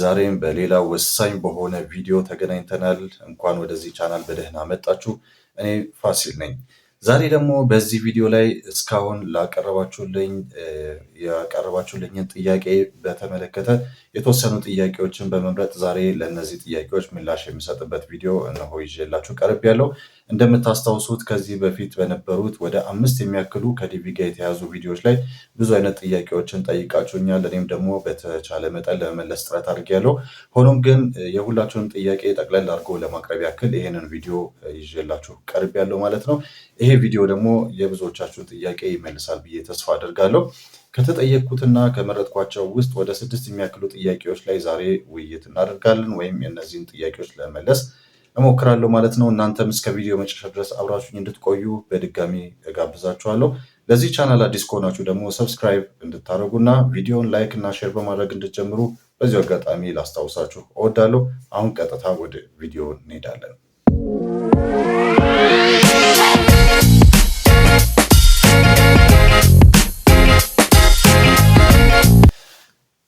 ዛሬም በሌላ ወሳኝ በሆነ ቪዲዮ ተገናኝተናል። እንኳን ወደዚህ ቻናል በደህና መጣችሁ። እኔ ፋሲል ነኝ። ዛሬ ደግሞ በዚህ ቪዲዮ ላይ እስካሁን ላቀረባችሁልኝ ያቀረባችሁልኝን ጥያቄ በተመለከተ የተወሰኑ ጥያቄዎችን በመምረጥ ዛሬ ለእነዚህ ጥያቄዎች ምላሽ የሚሰጥበት ቪዲዮ እነሆ ይዤላችሁ ቀርብ ያለው እንደምታስታውሱት ከዚህ በፊት በነበሩት ወደ አምስት የሚያክሉ ከዲቪ ጋር የተያዙ ቪዲዮዎች ላይ ብዙ አይነት ጥያቄዎችን ጠይቃችሁኛል። እኔም ደግሞ በተቻለ መጠን ለመመለስ ጥረት አድርጌያለሁ። ሆኖም ግን የሁላችሁን ጥያቄ ጠቅለል አድርጎ ለማቅረብ ያክል ይህንን ቪዲዮ ይዤላችሁ ቀርቤያለሁ ማለት ነው። ይሄ ቪዲዮ ደግሞ የብዙዎቻችሁን ጥያቄ ይመልሳል ብዬ ተስፋ አድርጋለሁ። ከተጠየቅኩትና ከመረጥኳቸው ውስጥ ወደ ስድስት የሚያክሉ ጥያቄዎች ላይ ዛሬ ውይይት እናደርጋለን ወይም የእነዚህን ጥያቄዎች ለመመለስ እሞክራለሁ ማለት ነው። እናንተም እስከ ቪዲዮ መጨረሻ ድረስ አብራችሁኝ እንድትቆዩ በድጋሚ እጋብዛችኋለሁ። ለዚህ ቻናል አዲስ ከሆናችሁ ደግሞ ሰብስክራይብ እንድታደርጉና ቪዲዮን ላይክ እና ሼር በማድረግ እንድትጀምሩ በዚሁ አጋጣሚ ላስታውሳችሁ እወዳለሁ። አሁን ቀጥታ ወደ ቪዲዮ እንሄዳለን።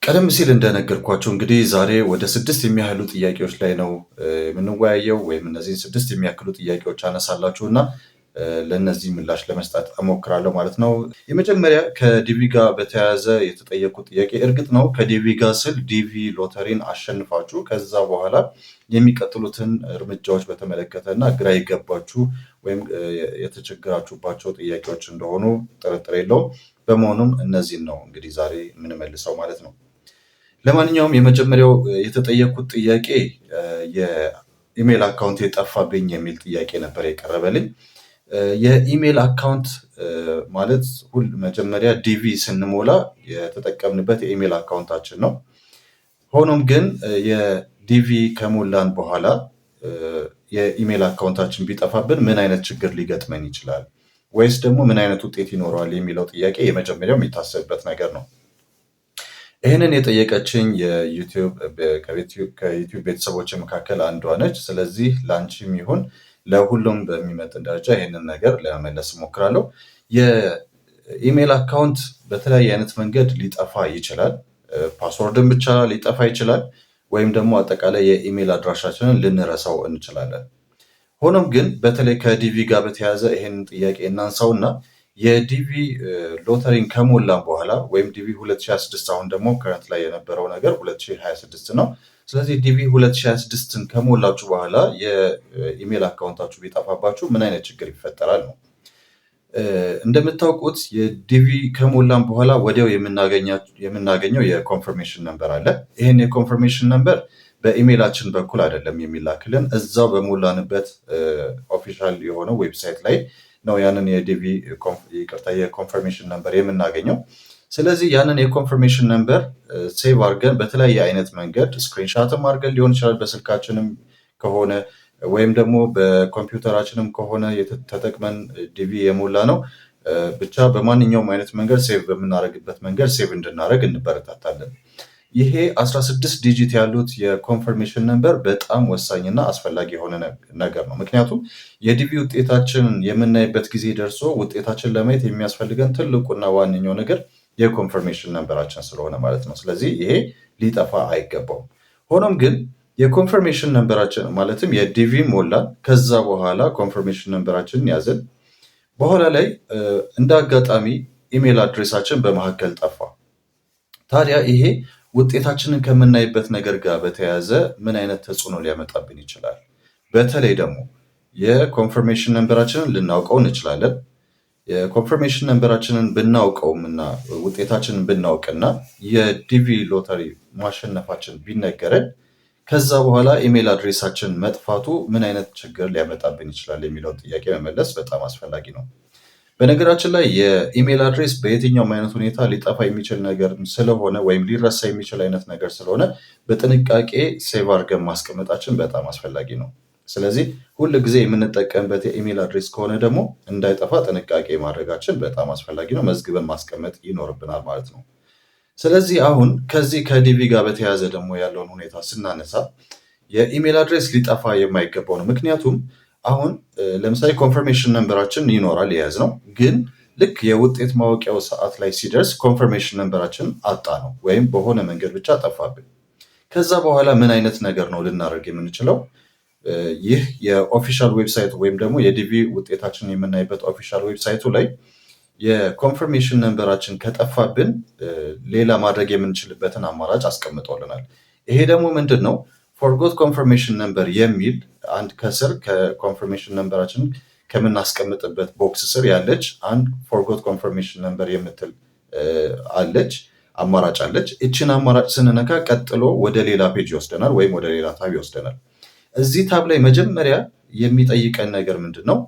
ቀደም ሲል እንደነገርኳቸው እንግዲህ ዛሬ ወደ ስድስት የሚያህሉ ጥያቄዎች ላይ ነው የምንወያየው ወይም እነዚህን ስድስት የሚያክሉ ጥያቄዎች አነሳላችሁ እና ለእነዚህ ምላሽ ለመስጠት እሞክራለሁ ማለት ነው። የመጀመሪያ ከዲቪ ጋር በተያያዘ የተጠየቁ ጥያቄ እርግጥ ነው ከዲቪ ጋር ስል ዲቪ ሎተሪን አሸንፋችሁ ከዛ በኋላ የሚቀጥሉትን እርምጃዎች በተመለከተ እና ግራ የገባችሁ ወይም የተቸገራችሁባቸው ጥያቄዎች እንደሆኑ ጥርጥር የለውም። በመሆኑም እነዚህን ነው እንግዲህ ዛሬ የምንመልሰው ማለት ነው። ለማንኛውም የመጀመሪያው የተጠየኩት ጥያቄ የኢሜይል አካውንት የጠፋብኝ የሚል ጥያቄ ነበር የቀረበልኝ። የኢሜይል አካውንት ማለት ሁል መጀመሪያ ዲቪ ስንሞላ የተጠቀምንበት የኢሜይል አካውንታችን ነው። ሆኖም ግን የዲቪ ከሞላን በኋላ የኢሜይል አካውንታችን ቢጠፋብን ምን አይነት ችግር ሊገጥመን ይችላል? ወይስ ደግሞ ምን አይነት ውጤት ይኖረዋል የሚለው ጥያቄ የመጀመሪያው የሚታሰብበት ነገር ነው። ይህንን የጠየቀችኝ ከዩቲዩብ ቤተሰቦች መካከል አንዷ ነች። ስለዚህ ላንቺም ይሁን ለሁሉም በሚመጥን ደረጃ ይህንን ነገር ለመመለስ እሞክራለሁ። የኢሜይል አካውንት በተለያየ አይነት መንገድ ሊጠፋ ይችላል። ፓስወርድን ብቻ ሊጠፋ ይችላል፣ ወይም ደግሞ አጠቃላይ የኢሜይል አድራሻችንን ልንረሳው እንችላለን። ሆኖም ግን በተለይ ከዲቪ ጋር በተያያዘ ይህንን ጥያቄ እናንሳውና የዲቪ ሎተሪን ከሞላን በኋላ ወይም ዲቪ 2026 አሁን ደግሞ ከረንት ላይ የነበረው ነገር 2026 ነው። ስለዚህ ዲቪ 2026ን ከሞላችሁ በኋላ የኢሜል አካውንታችሁ ቢጠፋባችሁ ምን አይነት ችግር ይፈጠራል ነው። እንደምታውቁት የዲቪ ከሞላን በኋላ ወዲያው የምናገኘው የኮንፈርሜሽን ነንበር አለ። ይህን የኮንፈርሜሽን ነንበር በኢሜይላችን በኩል አይደለም የሚላክልን፣ እዛው በሞላንበት ኦፊሻል የሆነው ዌብሳይት ላይ ነው ያንን የዲቪ ይቅርታ የኮንፈርሜሽን ነንበር የምናገኘው። ስለዚህ ያንን የኮንፈርሜሽን ነምበር ሴቭ አድርገን በተለያየ አይነት መንገድ ስክሪንሻትም አድርገን ሊሆን ይችላል በስልካችንም ከሆነ ወይም ደግሞ በኮምፒውተራችንም ከሆነ ተጠቅመን ዲቪ የሞላ ነው ብቻ በማንኛውም አይነት መንገድ ሴቭ በምናደርግበት መንገድ ሴቭ እንድናደርግ እንበረታታለን። ይሄ 16 ዲጂት ያሉት የኮንፈርሜሽን ነንበር በጣም ወሳኝና አስፈላጊ የሆነ ነገር ነው። ምክንያቱም የዲቪ ውጤታችንን የምናይበት ጊዜ ደርሶ ውጤታችን ለማየት የሚያስፈልገን ትልቁና ዋነኛው ነገር የኮንፈርሜሽን ነንበራችን ስለሆነ ማለት ነው። ስለዚህ ይሄ ሊጠፋ አይገባውም። ሆኖም ግን የኮንፈርሜሽን ነንበራችን ማለትም የዲቪ ሞላ ከዛ በኋላ ኮንፈርሜሽን ነንበራችንን ያዘን በኋላ ላይ እንደ አጋጣሚ ኢሜይል አድሬሳችን በመካከል ጠፋ። ታዲያ ይሄ ውጤታችንን ከምናይበት ነገር ጋር በተያያዘ ምን አይነት ተጽዕኖ ሊያመጣብን ይችላል? በተለይ ደግሞ የኮንፈርሜሽን ነንበራችንን ልናውቀው እንችላለን። የኮንፈርሜሽን ነንበራችንን እና ውጤታችንን ብናውቅና የዲቪ ሎተሪ ማሸነፋችን ቢነገረን ከዛ በኋላ ኢሜይል አድሬሳችን መጥፋቱ ምን አይነት ችግር ሊያመጣብን ይችላል የሚለውን ጥያቄ መመለስ በጣም አስፈላጊ ነው። በነገራችን ላይ የኢሜይል አድሬስ በየትኛውም አይነት ሁኔታ ሊጠፋ የሚችል ነገር ስለሆነ ወይም ሊረሳ የሚችል አይነት ነገር ስለሆነ በጥንቃቄ ሴቭ አድርገን ማስቀመጣችን በጣም አስፈላጊ ነው። ስለዚህ ሁል ጊዜ የምንጠቀምበት የኢሜይል አድሬስ ከሆነ ደግሞ እንዳይጠፋ ጥንቃቄ ማድረጋችን በጣም አስፈላጊ ነው። መዝግበን ማስቀመጥ ይኖርብናል ማለት ነው። ስለዚህ አሁን ከዚህ ከዲቪ ጋር በተያያዘ ደግሞ ያለውን ሁኔታ ስናነሳ የኢሜይል አድሬስ ሊጠፋ የማይገባው ነው። ምክንያቱም አሁን ለምሳሌ ኮንፈርሜሽን ነንበራችን ይኖራል የያዝ ነው። ግን ልክ የውጤት ማወቂያው ሰዓት ላይ ሲደርስ ኮንፈርሜሽን ነንበራችን አጣ ነው ወይም በሆነ መንገድ ብቻ ጠፋብን። ከዛ በኋላ ምን አይነት ነገር ነው ልናደርግ የምንችለው? ይህ የኦፊሻል ዌብሳይቱ ወይም ደግሞ የዲቪ ውጤታችን የምናይበት ኦፊሻል ዌብሳይቱ ላይ የኮንፈርሜሽን ነንበራችን ከጠፋብን ሌላ ማድረግ የምንችልበትን አማራጭ አስቀምጦልናል። ይሄ ደግሞ ምንድን ነው ፎርጎት ኮንፈርሜሽን ነንበር የሚል አንድ ከስር ከኮንፈርሜሽን ነንበራችን ከምናስቀምጥበት ቦክስ ስር ያለች አንድ ፎርጎት ኮንፈርሜሽን ነንበር የምትል አለች አማራጭ አለች። እችን አማራጭ ስንነካ ቀጥሎ ወደ ሌላ ፔጅ ይወስደናል ወይም ወደ ሌላ ታብ ይወስደናል። እዚህ ታብ ላይ መጀመሪያ የሚጠይቀን ነገር ምንድን ነው?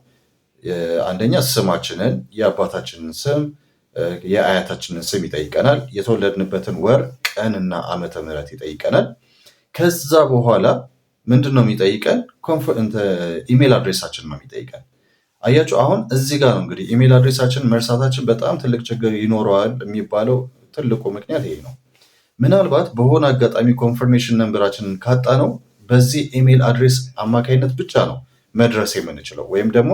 አንደኛ ስማችንን፣ የአባታችንን ስም፣ የአያታችንን ስም ይጠይቀናል። የተወለድንበትን ወር፣ ቀንና ዓመተ ምሕረት ይጠይቀናል። ከዛ በኋላ ምንድን ነው የሚጠይቀን? ኢሜል አድሬሳችን ነው የሚጠይቀን። አያችሁ አሁን እዚህ ጋር ነው እንግዲህ ኢሜል አድሬሳችን መርሳታችን በጣም ትልቅ ችግር ይኖረዋል የሚባለው ትልቁ ምክንያት ይሄ ነው። ምናልባት በሆነ አጋጣሚ ኮንፈርሜሽን ነንበራችንን ካጣ ነው በዚህ ኢሜል አድሬስ አማካኝነት ብቻ ነው መድረስ የምንችለው ወይም ደግሞ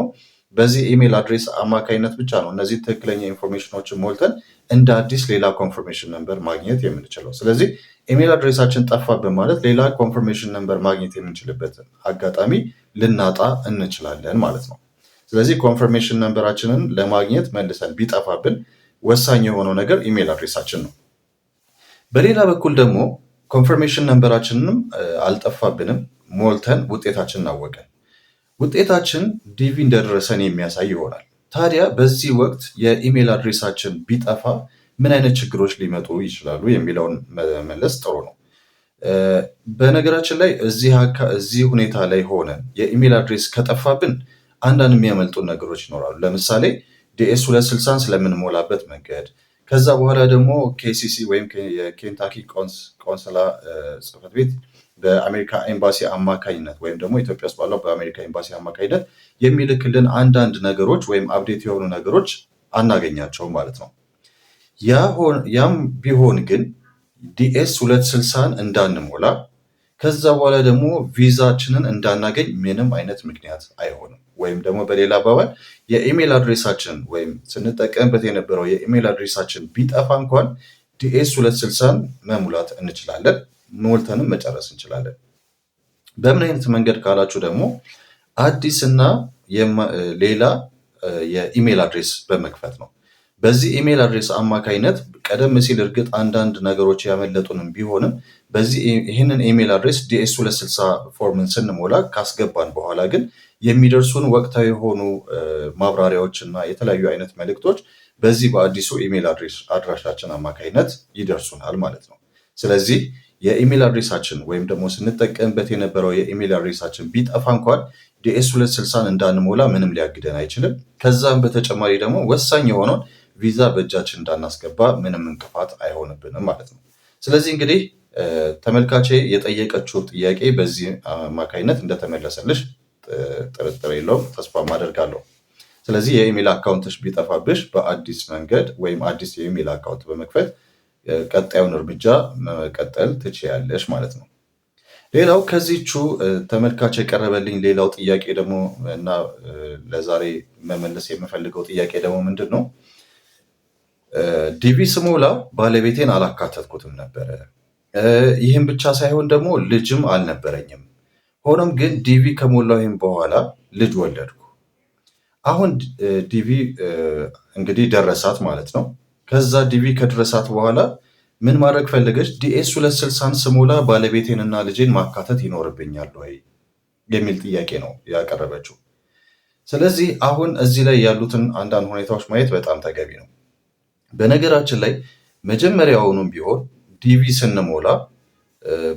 በዚህ ኢሜል አድሬስ አማካኝነት ብቻ ነው እነዚህ ትክክለኛ ኢንፎርሜሽኖችን ሞልተን እንደ አዲስ ሌላ ኮንፈርሜሽን ነንበር ማግኘት የምንችለው ስለዚህ ኢሜል አድሬሳችን ጠፋብን ማለት ሌላ ኮንፈርሜሽን ነንበር ማግኘት የምንችልበትን አጋጣሚ ልናጣ እንችላለን ማለት ነው። ስለዚህ ኮንፈርሜሽን ነንበራችንን ለማግኘት መልሰን ቢጠፋብን ወሳኝ የሆነው ነገር ኢሜል አድሬሳችን ነው። በሌላ በኩል ደግሞ ኮንፈርሜሽን ነንበራችንንም አልጠፋብንም ሞልተን ውጤታችንን አወቀን። ውጤታችን ዲቪ እንደደረሰን የሚያሳይ ይሆናል። ታዲያ በዚህ ወቅት የኢሜል አድሬሳችን ቢጠፋ ምን አይነት ችግሮች ሊመጡ ይችላሉ የሚለውን መለስ ጥሩ ነው። በነገራችን ላይ እዚህ ሁኔታ ላይ ሆነን የኢሜል አድሬስ ከጠፋብን አንዳንድ የሚያመልጡ ነገሮች ይኖራሉ። ለምሳሌ ዲኤስ ሁለት ስልሳን ስለምንሞላበት መንገድ ከዛ በኋላ ደግሞ ኬሲሲ ወይም የኬንታኪ ቆንስላ ጽህፈት ቤት በአሜሪካ ኤምባሲ አማካኝነት ወይም ደግሞ ኢትዮጵያ ውስጥ ባለው በአሜሪካ ኤምባሲ አማካኝነት የሚልክልን አንዳንድ ነገሮች ወይም አብዴት የሆኑ ነገሮች አናገኛቸውም ማለት ነው። ያም ቢሆን ግን ዲኤስ 260ን እንዳንሞላ ከዛ በኋላ ደግሞ ቪዛችንን እንዳናገኝ ምንም አይነት ምክንያት አይሆንም። ወይም ደግሞ በሌላ አባባል የኢሜል አድሬሳችን ወይም ስንጠቀምበት የነበረው የኢሜል አድሬሳችን ቢጠፋ እንኳን ዲኤስ 260ን መሙላት እንችላለን፣ ሞልተንም መጨረስ እንችላለን። በምን አይነት መንገድ ካላችሁ ደግሞ አዲስና ሌላ የኢሜል አድሬስ በመክፈት ነው። በዚህ ኢሜይል አድሬስ አማካይነት ቀደም ሲል እርግጥ አንዳንድ ነገሮች ያመለጡንም ቢሆንም በዚህ ይህንን ኢሜይል አድሬስ ዲኤስ 260 ፎርምን ስንሞላ ካስገባን በኋላ ግን የሚደርሱን ወቅታዊ የሆኑ ማብራሪያዎች እና የተለያዩ አይነት መልእክቶች በዚህ በአዲሱ ኢሜይል አድራሻችን አማካይነት ይደርሱናል ማለት ነው። ስለዚህ የኢሜይል አድሬሳችን ወይም ደግሞ ስንጠቀምበት የነበረው የኢሜይል አድሬሳችን ቢጠፋ እንኳን ዲኤስ 260ን እንዳንሞላ ምንም ሊያግደን አይችልም። ከዛም በተጨማሪ ደግሞ ወሳኝ የሆነውን ቪዛ በእጃችን እንዳናስገባ ምንም እንቅፋት አይሆንብንም ማለት ነው። ስለዚህ እንግዲህ ተመልካቼ የጠየቀችው ጥያቄ በዚህ አማካኝነት እንደተመለሰልሽ ጥርጥር የለውም ተስፋ አደርጋለሁ። ስለዚህ የኢሜል አካውንትሽ ቢጠፋብሽ በአዲስ መንገድ ወይም አዲስ የኢሜል አካውንት በመክፈት ቀጣዩን እርምጃ መቀጠል ትችያለሽ ማለት ነው። ሌላው ከዚቹ ተመልካች የቀረበልኝ ሌላው ጥያቄ ደግሞ እና ለዛሬ መመለስ የምፈልገው ጥያቄ ደግሞ ምንድን ነው ዲቪ ስሞላ ባለቤቴን አላካተትኩትም ነበረ። ይህም ብቻ ሳይሆን ደግሞ ልጅም አልነበረኝም። ሆኖም ግን ዲቪ ከሞላሁም በኋላ ልጅ ወለድኩ። አሁን ዲቪ እንግዲህ ደረሳት ማለት ነው። ከዛ ዲቪ ከደረሳት በኋላ ምን ማድረግ ፈለገች? ዲኤስ ሁለት ስልሳን ስሞላ ባለቤቴንና ልጄን ማካተት ይኖርብኛል ወይ የሚል ጥያቄ ነው ያቀረበችው። ስለዚህ አሁን እዚህ ላይ ያሉትን አንዳንድ ሁኔታዎች ማየት በጣም ተገቢ ነው። በነገራችን ላይ መጀመሪያውኑም ቢሆን ዲቪ ስንሞላ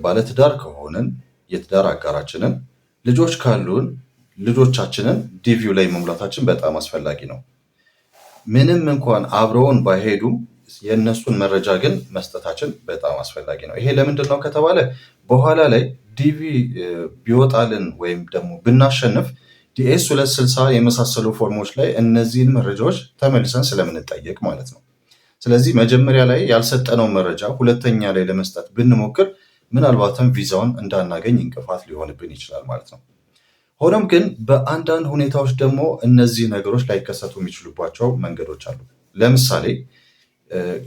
ባለትዳር ከሆንን የትዳር አጋራችንን ልጆች ካሉን ልጆቻችንን ዲቪው ላይ መሙላታችን በጣም አስፈላጊ ነው። ምንም እንኳን አብረውን ባይሄዱም የእነሱን መረጃ ግን መስጠታችን በጣም አስፈላጊ ነው። ይሄ ለምንድን ነው ከተባለ በኋላ ላይ ዲቪ ቢወጣልን ወይም ደግሞ ብናሸንፍ ዲኤስ 260 የመሳሰሉ ፎርሞች ላይ እነዚህን መረጃዎች ተመልሰን ስለምንጠየቅ ማለት ነው። ስለዚህ መጀመሪያ ላይ ያልሰጠነው መረጃ ሁለተኛ ላይ ለመስጠት ብንሞክር ምናልባትም ቪዛውን እንዳናገኝ እንቅፋት ሊሆንብን ይችላል ማለት ነው። ሆኖም ግን በአንዳንድ ሁኔታዎች ደግሞ እነዚህ ነገሮች ላይከሰቱ የሚችሉባቸው መንገዶች አሉ። ለምሳሌ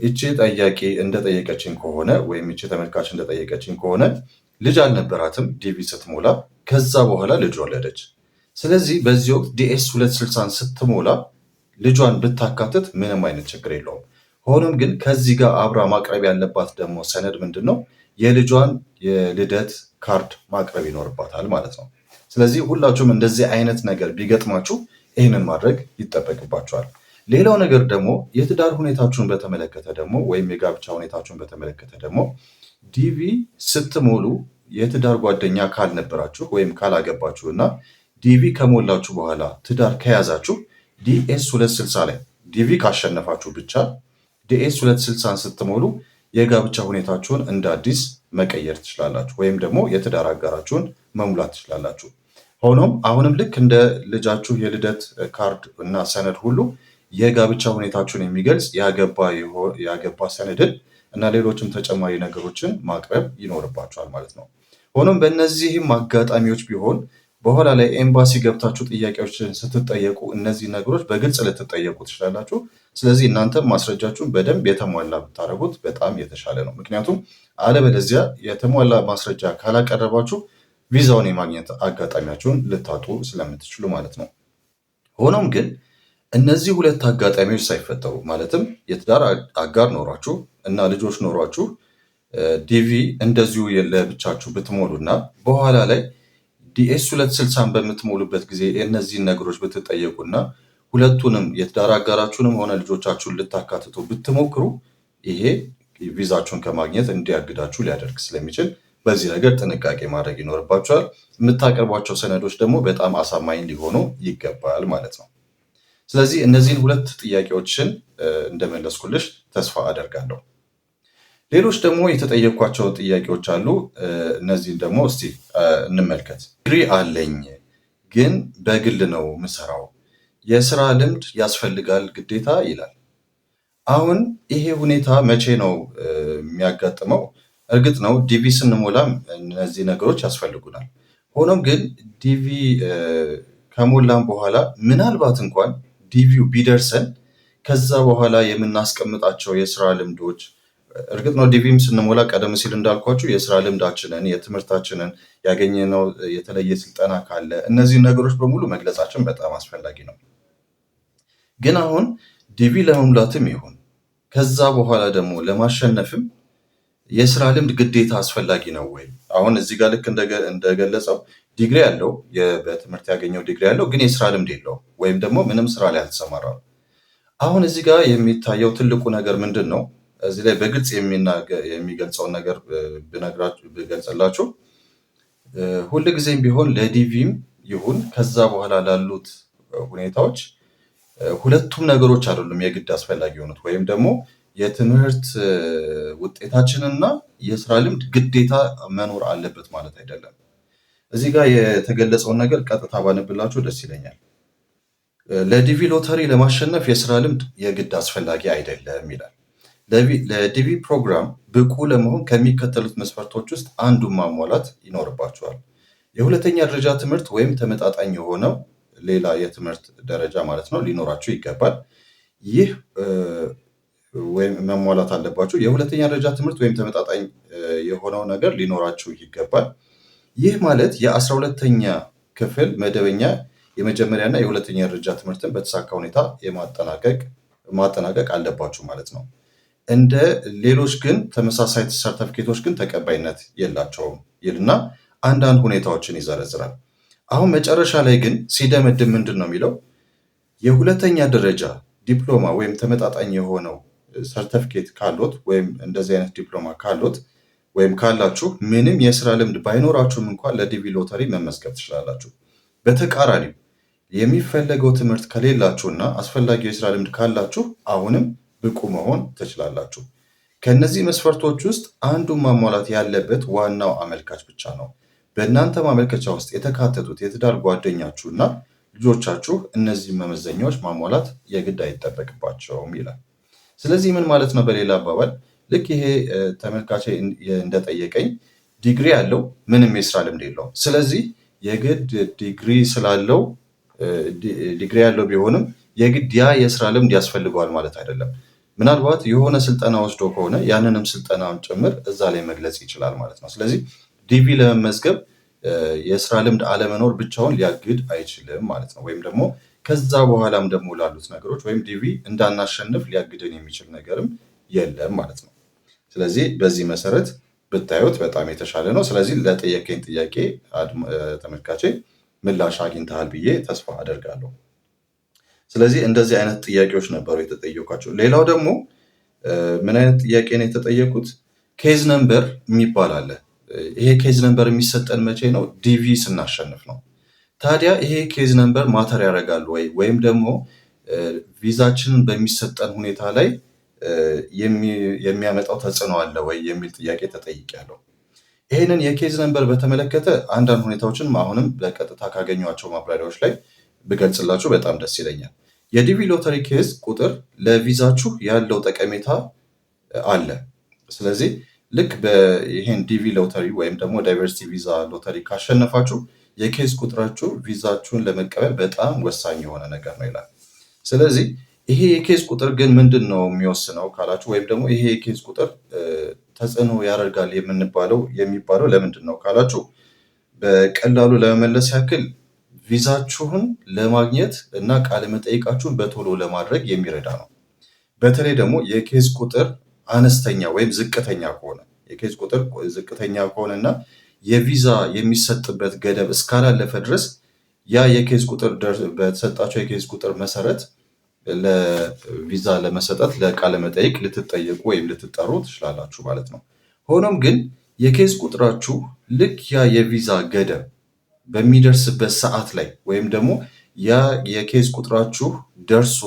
እቺ ጠያቂ እንደጠየቀችን ከሆነ ወይም እቺ ተመልካች እንደጠየቀችን ከሆነ ልጅ አልነበራትም ዲቪ ስትሞላ፣ ከዛ በኋላ ልጅ ወለደች። ስለዚህ በዚህ ወቅት ዲኤስ 260 ስትሞላ ልጇን ብታካትት ምንም አይነት ችግር የለውም። ሆኖም ግን ከዚህ ጋር አብራ ማቅረብ ያለባት ደግሞ ሰነድ ምንድን ነው? የልጇን የልደት ካርድ ማቅረብ ይኖርባታል ማለት ነው። ስለዚህ ሁላችሁም እንደዚህ አይነት ነገር ቢገጥማችሁ ይህንን ማድረግ ይጠበቅባችኋል። ሌላው ነገር ደግሞ የትዳር ሁኔታችሁን በተመለከተ ደግሞ ወይም የጋብቻ ሁኔታችሁን በተመለከተ ደግሞ ዲቪ ስትሞሉ የትዳር ጓደኛ ካልነበራችሁ ወይም ካላገባችሁ እና ዲቪ ከሞላችሁ በኋላ ትዳር ከያዛችሁ ዲኤስ 260 ላይ ዲቪ ካሸነፋችሁ ብቻ ዲኤስ 260 ስትሞሉ የጋብቻ ሁኔታችሁን እንደ አዲስ መቀየር ትችላላችሁ፣ ወይም ደግሞ የትዳር አጋራችሁን መሙላት ትችላላችሁ። ሆኖም አሁንም ልክ እንደ ልጃችሁ የልደት ካርድ እና ሰነድ ሁሉ የጋብቻ ሁኔታችሁን የሚገልጽ ያገባ ሰነድን እና ሌሎችም ተጨማሪ ነገሮችን ማቅረብ ይኖርባችኋል ማለት ነው። ሆኖም በእነዚህም አጋጣሚዎች ቢሆን በኋላ ላይ ኤምባሲ ገብታችሁ ጥያቄዎችን ስትጠየቁ እነዚህ ነገሮች በግልጽ ልትጠየቁ ትችላላችሁ። ስለዚህ እናንተ ማስረጃችሁን በደንብ የተሟላ ብታደረጉት በጣም የተሻለ ነው። ምክንያቱም አለበለዚያ የተሟላ ማስረጃ ካላቀረባችሁ ቪዛውን የማግኘት አጋጣሚያችሁን ልታጡ ስለምትችሉ ማለት ነው። ሆኖም ግን እነዚህ ሁለት አጋጣሚዎች ሳይፈጠሩ ማለትም የትዳር አጋር ኖሯችሁ እና ልጆች ኖሯችሁ ዲቪ እንደዚሁ ለብቻችሁ ብትሞሉ እና በኋላ ላይ ዲኤስ ሁለት ስልሳን በምትሞሉበት ጊዜ እነዚህን ነገሮች ብትጠየቁና ሁለቱንም የትዳር አጋራችሁንም ሆነ ልጆቻችሁን ልታካትቱ ብትሞክሩ ይሄ ቪዛችሁን ከማግኘት እንዲያግዳችሁ ሊያደርግ ስለሚችል በዚህ ነገር ጥንቃቄ ማድረግ ይኖርባችኋል። የምታቀርቧቸው ሰነዶች ደግሞ በጣም አሳማኝ ሊሆኑ ይገባል ማለት ነው። ስለዚህ እነዚህን ሁለት ጥያቄዎችን እንደመለስኩልሽ ተስፋ አደርጋለሁ። ሌሎች ደግሞ የተጠየኳቸው ጥያቄዎች አሉ። እነዚህን ደግሞ እስቲ እንመልከት። ዲግሪ አለኝ ግን በግል ነው የምሰራው። የስራ ልምድ ያስፈልጋል ግዴታ ይላል። አሁን ይሄ ሁኔታ መቼ ነው የሚያጋጥመው? እርግጥ ነው ዲቪ ስንሞላም እነዚህ ነገሮች ያስፈልጉናል። ሆኖም ግን ዲቪ ከሞላም በኋላ ምናልባት እንኳን ዲቪው ቢደርሰን ከዛ በኋላ የምናስቀምጣቸው የስራ ልምዶች እርግጥ ነው ዲቪም ስንሞላ ቀደም ሲል እንዳልኳችሁ የስራ ልምዳችንን፣ የትምህርታችንን፣ ያገኘነው የተለየ ስልጠና ካለ እነዚህ ነገሮች በሙሉ መግለጻችን በጣም አስፈላጊ ነው። ግን አሁን ዲቪ ለመሙላትም ይሁን ከዛ በኋላ ደግሞ ለማሸነፍም የስራ ልምድ ግዴታ አስፈላጊ ነው ወይ? አሁን እዚህ ጋር ልክ እንደገለጸው ዲግሪ ያለው በትምህርት ያገኘው ዲግሪ ያለው ግን የስራ ልምድ የለው ወይም ደግሞ ምንም ስራ ላይ አልተሰማራም። አሁን እዚህ ጋር የሚታየው ትልቁ ነገር ምንድን ነው? እዚህ ላይ በግልጽ የሚገልጸውን ነገር ብገልጽላችሁ ሁል ጊዜም ቢሆን ለዲቪም ይሁን ከዛ በኋላ ላሉት ሁኔታዎች ሁለቱም ነገሮች አይደሉም የግድ አስፈላጊ የሆኑት ወይም ደግሞ የትምህርት ውጤታችንና የስራ ልምድ ግዴታ መኖር አለበት ማለት አይደለም። እዚህ ጋር የተገለጸውን ነገር ቀጥታ ባነብላችሁ ደስ ይለኛል። ለዲቪ ሎተሪ ለማሸነፍ የስራ ልምድ የግድ አስፈላጊ አይደለም ይላል። ለዲቪ ፕሮግራም ብቁ ለመሆን ከሚከተሉት መስፈርቶች ውስጥ አንዱ ማሟላት ይኖርባቸዋል። የሁለተኛ ደረጃ ትምህርት ወይም ተመጣጣኝ የሆነው ሌላ የትምህርት ደረጃ ማለት ነው ሊኖራቸው ይገባል። ይህ ወይም መሟላት አለባቸው። የሁለተኛ ደረጃ ትምህርት ወይም ተመጣጣኝ የሆነው ነገር ሊኖራቸው ይገባል። ይህ ማለት የአስራ ሁለተኛ ክፍል መደበኛ የመጀመሪያና የሁለተኛ ደረጃ ትምህርትን በተሳካ ሁኔታ የማጠናቀቅ ማጠናቀቅ አለባችሁ ማለት ነው። እንደ ሌሎች ግን ተመሳሳይ ሰርተፍኬቶች ግን ተቀባይነት የላቸውም ይልና አንዳንድ ሁኔታዎችን ይዘረዝራል። አሁን መጨረሻ ላይ ግን ሲደመድም ምንድን ነው የሚለው የሁለተኛ ደረጃ ዲፕሎማ ወይም ተመጣጣኝ የሆነው ሰርተፍኬት ካሎት ወይም እንደዚህ አይነት ዲፕሎማ ካሎት ወይም ካላችሁ ምንም የስራ ልምድ ባይኖራችሁም እንኳን ለዲቪ ሎተሪ መመዝገብ ትችላላችሁ። በተቃራኒው የሚፈለገው ትምህርት ከሌላችሁ እና አስፈላጊው የስራ ልምድ ካላችሁ አሁንም ብቁ መሆን ትችላላችሁ። ከእነዚህ መስፈርቶች ውስጥ አንዱን ማሟላት ያለበት ዋናው አመልካች ብቻ ነው። በእናንተ ማመልከቻ ውስጥ የተካተቱት የትዳር እና ልጆቻችሁ እነዚህ መመዘኛዎች ማሟላት የግድ አይጠበቅባቸውም ይላል። ስለዚህ ምን ማለት ነው? በሌላ አባባል ልክ ይሄ ተመልካች እንደጠየቀኝ ዲግሪ ያለው ምንም የስራ ልምድ የለውም። ስለዚህ የግድ ዲግሪ ስላለው ዲግሪ ያለው ቢሆንም የግድ ያ የስራ ልምድ ያስፈልገዋል ማለት አይደለም። ምናልባት የሆነ ስልጠና ወስዶ ከሆነ ያንንም ስልጠናውን ጭምር እዛ ላይ መግለጽ ይችላል ማለት ነው። ስለዚህ ዲቪ ለመመዝገብ የስራ ልምድ አለመኖር ብቻውን ሊያግድ አይችልም ማለት ነው። ወይም ደግሞ ከዛ በኋላም ደግሞ ላሉት ነገሮች ወይም ዲቪ እንዳናሸንፍ ሊያግድን የሚችል ነገርም የለም ማለት ነው። ስለዚህ በዚህ መሰረት ብታዩት በጣም የተሻለ ነው። ስለዚህ ለጠየቀኝ ጥያቄ ተመልካቼ ምላሽ አግኝተሃል ብዬ ተስፋ አደርጋለሁ። ስለዚህ እንደዚህ አይነት ጥያቄዎች ነበሩ የተጠየቋቸው። ሌላው ደግሞ ምን አይነት ጥያቄ ነው የተጠየቁት? ኬዝ ነምበር የሚባል አለ። ይሄ ኬዝ ነምበር የሚሰጠን መቼ ነው? ዲቪ ስናሸንፍ ነው። ታዲያ ይሄ ኬዝ ነምበር ማተር ያደርጋል ወይ ወይም ደግሞ ቪዛችንን በሚሰጠን ሁኔታ ላይ የሚያመጣው ተጽዕኖ አለ ወይ የሚል ጥያቄ ተጠይቄያለሁ። ይህንን የኬዝ ነንበር በተመለከተ አንዳንድ ሁኔታዎችን አሁንም በቀጥታ ካገኟቸው ማብራሪያዎች ላይ ብገልጽላችሁ በጣም ደስ ይለኛል። የዲቪ ሎተሪ ኬዝ ቁጥር ለቪዛችሁ ያለው ጠቀሜታ አለ። ስለዚህ ልክ ይሄን ዲቪ ሎተሪ ወይም ደግሞ ዳይቨርሲቲ ቪዛ ሎተሪ ካሸነፋችሁ የኬዝ ቁጥራችሁ ቪዛችሁን ለመቀበል በጣም ወሳኝ የሆነ ነገር ነው ይላል። ስለዚህ ይሄ የኬዝ ቁጥር ግን ምንድን ነው የሚወስነው ካላችሁ፣ ወይም ደግሞ ይሄ የኬዝ ቁጥር ተጽዕኖ ያደርጋል የምንባለው የሚባለው ለምንድን ነው ካላችሁ፣ በቀላሉ ለመመለስ ያክል ቪዛችሁን ለማግኘት እና ቃለ መጠይቃችሁን በቶሎ ለማድረግ የሚረዳ ነው። በተለይ ደግሞ የኬዝ ቁጥር አነስተኛ ወይም ዝቅተኛ ከሆነ የኬዝ ቁጥር ዝቅተኛ ከሆነ እና የቪዛ የሚሰጥበት ገደብ እስካላለፈ ድረስ ያ የኬዝ ቁጥር በተሰጣቸው የኬዝ ቁጥር መሰረት ለቪዛ ለመሰጠት ለቃለ መጠይቅ ልትጠየቁ ወይም ልትጠሩ ትችላላችሁ ማለት ነው። ሆኖም ግን የኬዝ ቁጥራችሁ ልክ ያ የቪዛ ገደብ በሚደርስበት ሰዓት ላይ ወይም ደግሞ የኬዝ ቁጥራችሁ ደርሶ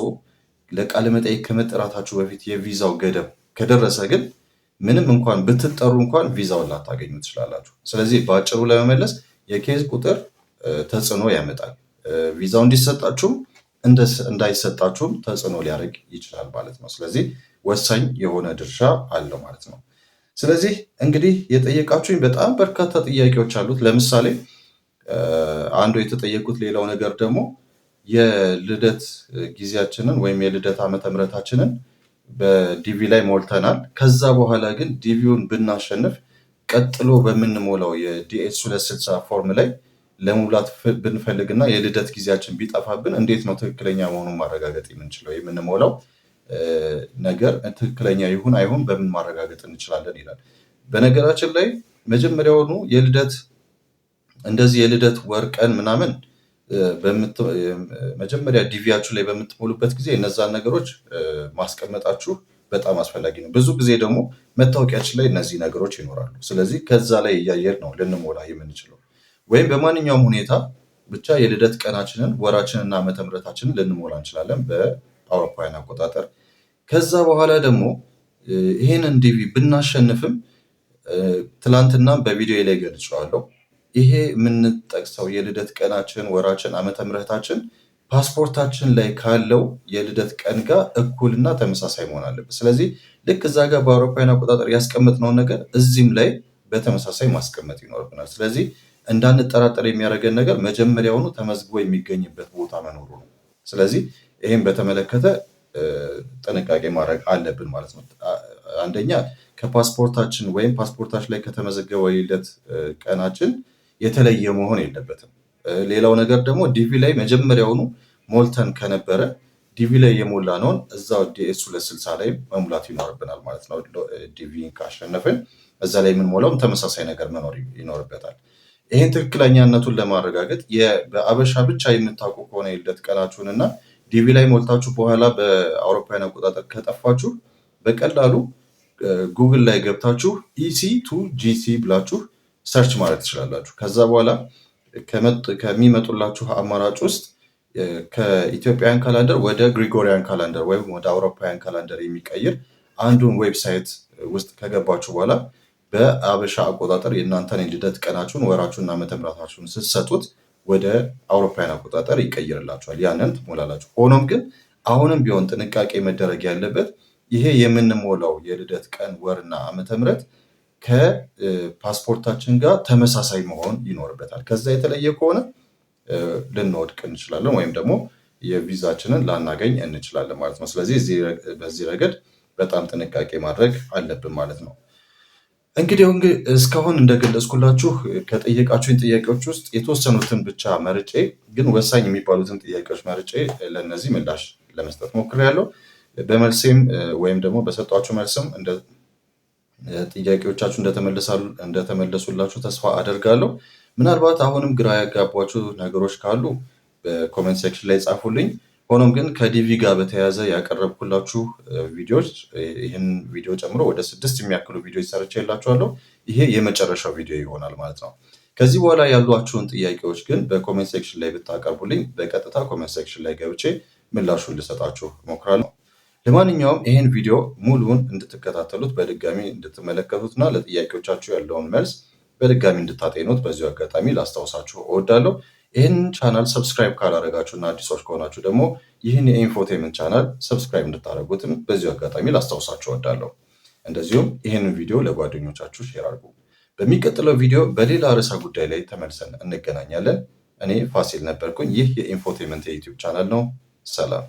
ለቃለ መጠይቅ ከመጠራታችሁ በፊት የቪዛው ገደብ ከደረሰ ግን ምንም እንኳን ብትጠሩ እንኳን ቪዛውን ላታገኙ ትችላላችሁ። ስለዚህ በአጭሩ ለመመለስ የኬዝ ቁጥር ተጽዕኖ ያመጣል። ቪዛው እንዲሰጣችሁም እንዳይሰጣችሁም ተጽዕኖ ሊያደርግ ይችላል ማለት ነው። ስለዚህ ወሳኝ የሆነ ድርሻ አለው ማለት ነው። ስለዚህ እንግዲህ የጠየቃችሁኝ በጣም በርካታ ጥያቄዎች አሉት። ለምሳሌ አንዱ የተጠየቁት ሌላው ነገር ደግሞ የልደት ጊዜያችንን ወይም የልደት ዓመተ ምሕረታችንን በዲቪ ላይ ሞልተናል። ከዛ በኋላ ግን ዲቪውን ብናሸንፍ ቀጥሎ በምንሞላው የዲኤስ 260 ፎርም ላይ ለመሙላት ብንፈልግና የልደት ጊዜያችን ቢጠፋብን እንዴት ነው ትክክለኛ መሆኑን ማረጋገጥ የምንችለው? የምንሞላው ነገር ትክክለኛ ይሁን አይሁን በምን ማረጋገጥ እንችላለን? ይላል። በነገራችን ላይ መጀመሪያውኑ የልደት እንደዚህ የልደት ወር ቀን ምናምን መጀመሪያ ዲቪያችሁ ላይ በምትሞሉበት ጊዜ እነዛን ነገሮች ማስቀመጣችሁ በጣም አስፈላጊ ነው። ብዙ ጊዜ ደግሞ መታወቂያችን ላይ እነዚህ ነገሮች ይኖራሉ። ስለዚህ ከዛ ላይ እያየር ነው ልንሞላ የምንችለው ወይም በማንኛውም ሁኔታ ብቻ የልደት ቀናችንን ወራችንና እና ዓመተ ምሕረታችንን ልንሞላ እንችላለን በአውሮፓውያን አቆጣጠር። ከዛ በኋላ ደግሞ ይህንን ዲቪ ብናሸንፍም ትላንትናም በቪዲዮ ላይ ገልጬዋለሁ ይሄ የምንጠቅሰው የልደት ቀናችን፣ ወራችን፣ ዓመተ ምሕረታችን ፓስፖርታችን ላይ ካለው የልደት ቀን ጋር እኩልና ተመሳሳይ መሆን አለበት። ስለዚህ ልክ እዛ ጋር በአውሮፓውያን አቆጣጠር ያስቀመጥነውን ነገር እዚህም ላይ በተመሳሳይ ማስቀመጥ ይኖርብናል። ስለዚህ እንዳንጠራጠር የሚያደርገን ነገር መጀመሪያውኑ ተመዝግቦ የሚገኝበት ቦታ መኖሩ ነው። ስለዚህ ይህም በተመለከተ ጥንቃቄ ማድረግ አለብን ማለት ነው። አንደኛ ከፓስፖርታችን ወይም ፓስፖርታችን ላይ ከተመዘገበው የልደት ቀናችን የተለየ መሆን የለበትም። ሌላው ነገር ደግሞ ዲቪ ላይ መጀመሪያውኑ ሞልተን ከነበረ ዲቪ ላይ የሞላ ነውን እዛው ዲኤስ ሁለት ስልሳ ላይ መሙላት ይኖርብናል ማለት ነው። ዲቪ ካሸነፍን እዛ ላይ የምንሞላውም ተመሳሳይ ነገር መኖር ይኖርበታል። ይህን ትክክለኛነቱን ለማረጋገጥ በአበሻ ብቻ የምታውቁ ከሆነ የልደት ቀናችሁን እና ዲቪ ላይ ሞልታችሁ በኋላ በአውሮፓውያን አቆጣጠር ከጠፋችሁ በቀላሉ ጉግል ላይ ገብታችሁ ኢሲ ቱ ጂሲ ብላችሁ ሰርች ማድረግ ትችላላችሁ። ከዛ በኋላ ከሚመጡላችሁ አማራጭ ውስጥ ከኢትዮጵያን ካላንደር ወደ ግሪጎሪያን ካላንደር ወይም ወደ አውሮፓውያን ካላንደር የሚቀይር አንዱን ዌብሳይት ውስጥ ከገባችሁ በኋላ በአበሻ አቆጣጠር የእናንተን የልደት ቀናችሁን ወራችሁንና ዓመተ ምሕረታችሁን ስትሰጡት ወደ አውሮፓውያን አቆጣጠር ይቀይርላችኋል። ያንን ትሞላላችሁ። ሆኖም ግን አሁንም ቢሆን ጥንቃቄ መደረግ ያለበት ይሄ የምንሞላው የልደት ቀን ወርና ዓመተ ምሕረት ከፓስፖርታችን ጋር ተመሳሳይ መሆን ይኖርበታል። ከዛ የተለየ ከሆነ ልንወድቅ እንችላለን ወይም ደግሞ የቪዛችንን ላናገኝ እንችላለን ማለት ነው። ስለዚህ በዚህ ረገድ በጣም ጥንቃቄ ማድረግ አለብን ማለት ነው። እንግዲህ እስካሁን እንደገለጽኩላችሁ ከጠየቃችሁኝ ጥያቄዎች ውስጥ የተወሰኑትን ብቻ መርጬ ግን ወሳኝ የሚባሉትን ጥያቄዎች መርጬ ለእነዚህ ምላሽ ለመስጠት ሞክሬያለሁ። በመልሴም ወይም ደግሞ በሰጧችሁ መልስም ጥያቄዎቻችሁ እንደተመለሱላችሁ ተስፋ አደርጋለሁ። ምናልባት አሁንም ግራ ያጋቧችሁ ነገሮች ካሉ በኮሜንት ሴክሽን ላይ ጻፉልኝ። ሆኖም ግን ከዲቪ ጋር በተያያዘ ያቀረብኩላችሁ ቪዲዮዎች ይህን ቪዲዮ ጨምሮ ወደ ስድስት የሚያክሉ ቪዲዮዎች ሰርቼ የላችኋለሁ። ይሄ የመጨረሻው ቪዲዮ ይሆናል ማለት ነው። ከዚህ በኋላ ያሏችሁን ጥያቄዎች ግን በኮሜንት ሴክሽን ላይ ብታቀርቡልኝ በቀጥታ ኮሜንት ሴክሽን ላይ ገብቼ ምላሹን ልሰጣችሁ እሞክራለሁ። ለማንኛውም ይህን ቪዲዮ ሙሉውን እንድትከታተሉት በድጋሚ እንድትመለከቱትና ለጥያቄዎቻችሁ ያለውን መልስ በድጋሚ እንድታጤኑት በዚሁ አጋጣሚ ላስታውሳችሁ እወዳለሁ። ይህን ቻናል ሰብስክራይብ ካላደረጋችሁ እና አዲሶች ከሆናችሁ ደግሞ ይህን የኢንፎቴመንት ቻናል ሰብስክራይብ እንድታደረጉትም በዚሁ አጋጣሚ ላስታውሳችሁ እወዳለሁ። እንደዚሁም ይህንን ቪዲዮ ለጓደኞቻችሁ ሼር አድርጉ። በሚቀጥለው ቪዲዮ በሌላ ርዕሰ ጉዳይ ላይ ተመልሰን እንገናኛለን። እኔ ፋሲል ነበርኩኝ። ይህ የኢንፎቴመንት የዩቲዩብ ቻናል ነው። ሰላም